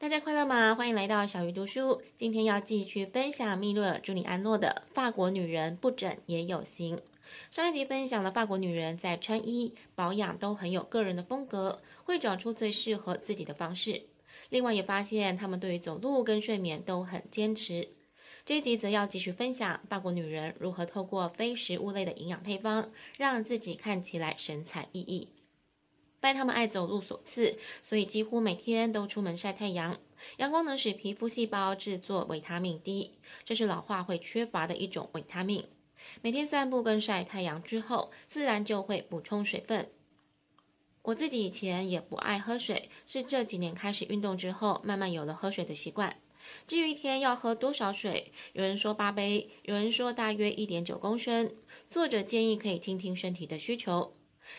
大家快樂嗎？歡迎來到小魚讀書。今天要繼續分享蜜芮兒朱里安諾的《法國女人不整也有型》。上一集分享了法國女人在穿衣、保養都很有個人的風格，會找出最適合自己的方式。另外也發現她們對於走路跟睡眠都很堅持。這一集則要繼續分享，法國女人如何透過非食物類的營養配方，讓自己看起來神采奕奕。拜他們愛走路所賜，所以幾乎每天都出門曬太陽。陽光能使皮膚細胞製作維他命 D，這是老化會缺乏的一種維他命。每天散步跟曬太陽之後，自然就會補充水分。我自己以前也不愛喝水，是這幾年開始運動之後，慢慢有了喝水的習慣。至於一天要喝多少水，有人說八杯，有人說大約一點九公升。作者建議可以聽聽身體的需求。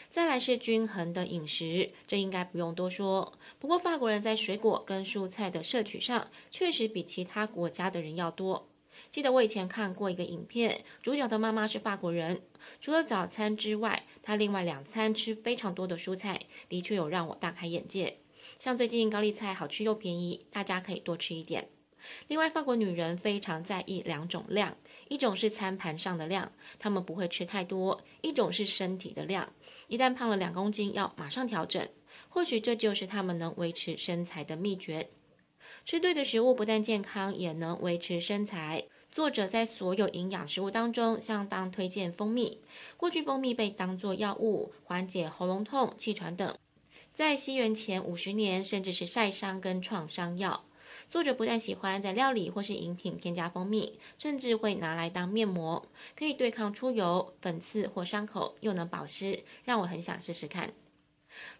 再來是均衡的飲食，這應該不用多說。不過法國人在水果跟蔬菜的攝取上，確實比其他國家的人要多。記得我以前看過一個影片，主角的媽媽是法國人，除了早餐之外，她另外兩餐吃非常多的蔬菜，的確有讓我大開眼界。像最近高麗菜好吃又便宜，大家可以多吃一點。另外，法國女人非常在意兩種量。一種是餐盤上的量，他們不會吃太多；一種是身體的量，一旦胖了兩公斤，要馬上調整。或許這就是他們能維持身材的秘訣。吃對的食物不但健康，也能維持身材。作者在所有營養食物當中，相當推薦蜂蜜。過去蜂蜜被當作藥物，緩解喉嚨痛、氣喘等，在西元前五十年，甚至是曬傷跟創傷藥。作者不但喜歡在料理或是飲品添加蜂蜜，甚至會拿來當面膜，可以對抗出油、粉刺或傷口，又能保濕，讓我很想試試看。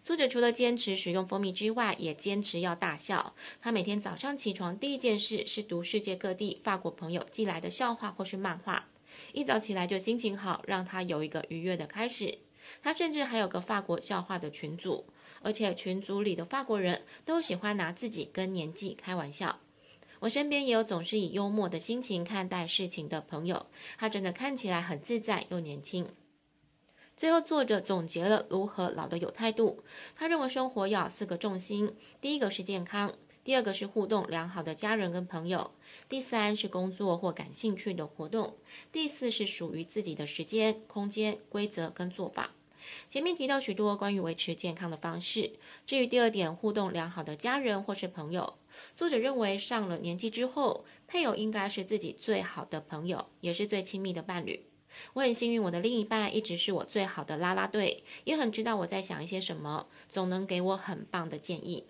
作者除了堅持使用蜂蜜之外，也堅持要大笑。他每天早上起床第一件事是讀世界各地法國朋友寄來的笑話或是漫畫，一早起來就心情好，讓他有一個愉悅的開始。他甚至還有個法國笑話的群組。而且群組裡的法國人都喜歡拿自己跟年紀開玩笑。我身邊也有總是以幽默的心情看待事情的朋友，他真的看起來很自在又年輕。最後，作者總結了如何老得有態度。他認為生活要四個重心：第一個是健康，第二個是互動良好的家人跟朋友，第三是工作或感興趣的活動，第四是屬於自己的時間、空間、規則跟做法。前面提到許多關於維持健康的方式。至於第二點，互動良好的家人或是朋友，作者認為上了年紀之後，配偶應該是自己最好的朋友，也是最親密的伴侶。我很幸運，我的另一半一直是我最好的啦啦隊，也很知道我在想一些什麼，總能給我很棒的建議。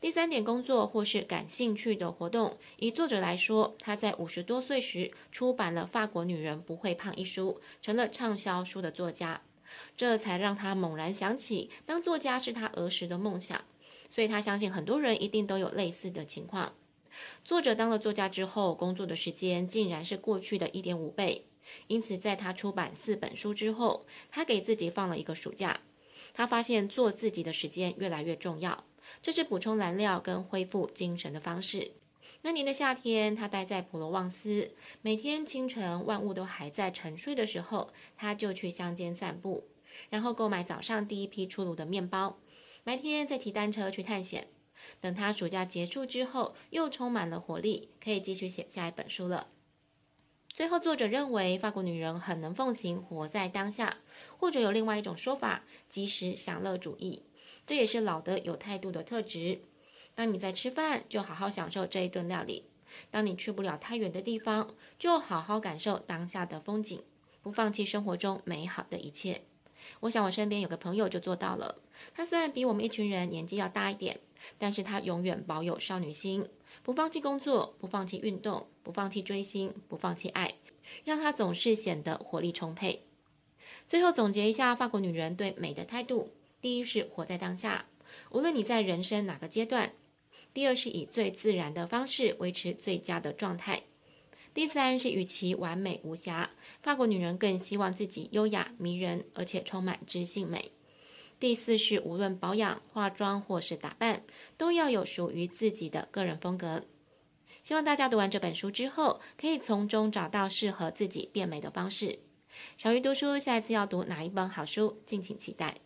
第三點，工作或是感興趣的活動。以作者來說，她在五十多歲時出版了《法國女人不會胖》一書，成了暢銷書的作家。這才讓他猛然想起，當作家是他兒時的夢想，所以他相信很多人一定都有類似的情況。作者當了作家之後，工作的時間竟然是過去的一點五倍，因此在他出版四本書之後，他給自己放了一個暑假。他發現做自己的時間越來越重要，這是補充燃料跟恢復精神的方式。那年的夏天，他待在普羅旺斯，每天清晨萬物都還在沉睡的時候，他就去鄉間散步，然後購買早上第一批出爐的麵包。白天再騎單車去探險。等他暑假結束之後，又充滿了活力，可以繼續寫下一本書了。最後，作者認為法國女人很能奉行活在當下，或者有另外一種說法，及時享樂主義，這也是老得有態度的特質。當你在吃飯，就好好享受這一頓料理；當你去不了太遠的地方，就好好感受當下的風景，不放棄生活中美好的一切。我想我身邊有個朋友就做到了。她雖然比我們一群人年紀要大一點，但是她永遠保有少女心，不放棄工作，不放棄運動，不放棄追星，不放棄愛，讓她總是顯得活力充沛。最後總結一下法國女人對美的態度：第一是活在當下，無論你在人生哪個階段。第二是以最自然的方式維持最佳的狀態，第三是與其完美無瑕，法國女人更希望自己優雅迷人，而且充滿知性美。第四是無論保養、化妝或是打扮，都要有屬於自己的個人風格。希望大家讀完這本書之後，可以從中找到適合自己變美的方式。小魚讀書，下一次要讀哪一本好書，敬請期待。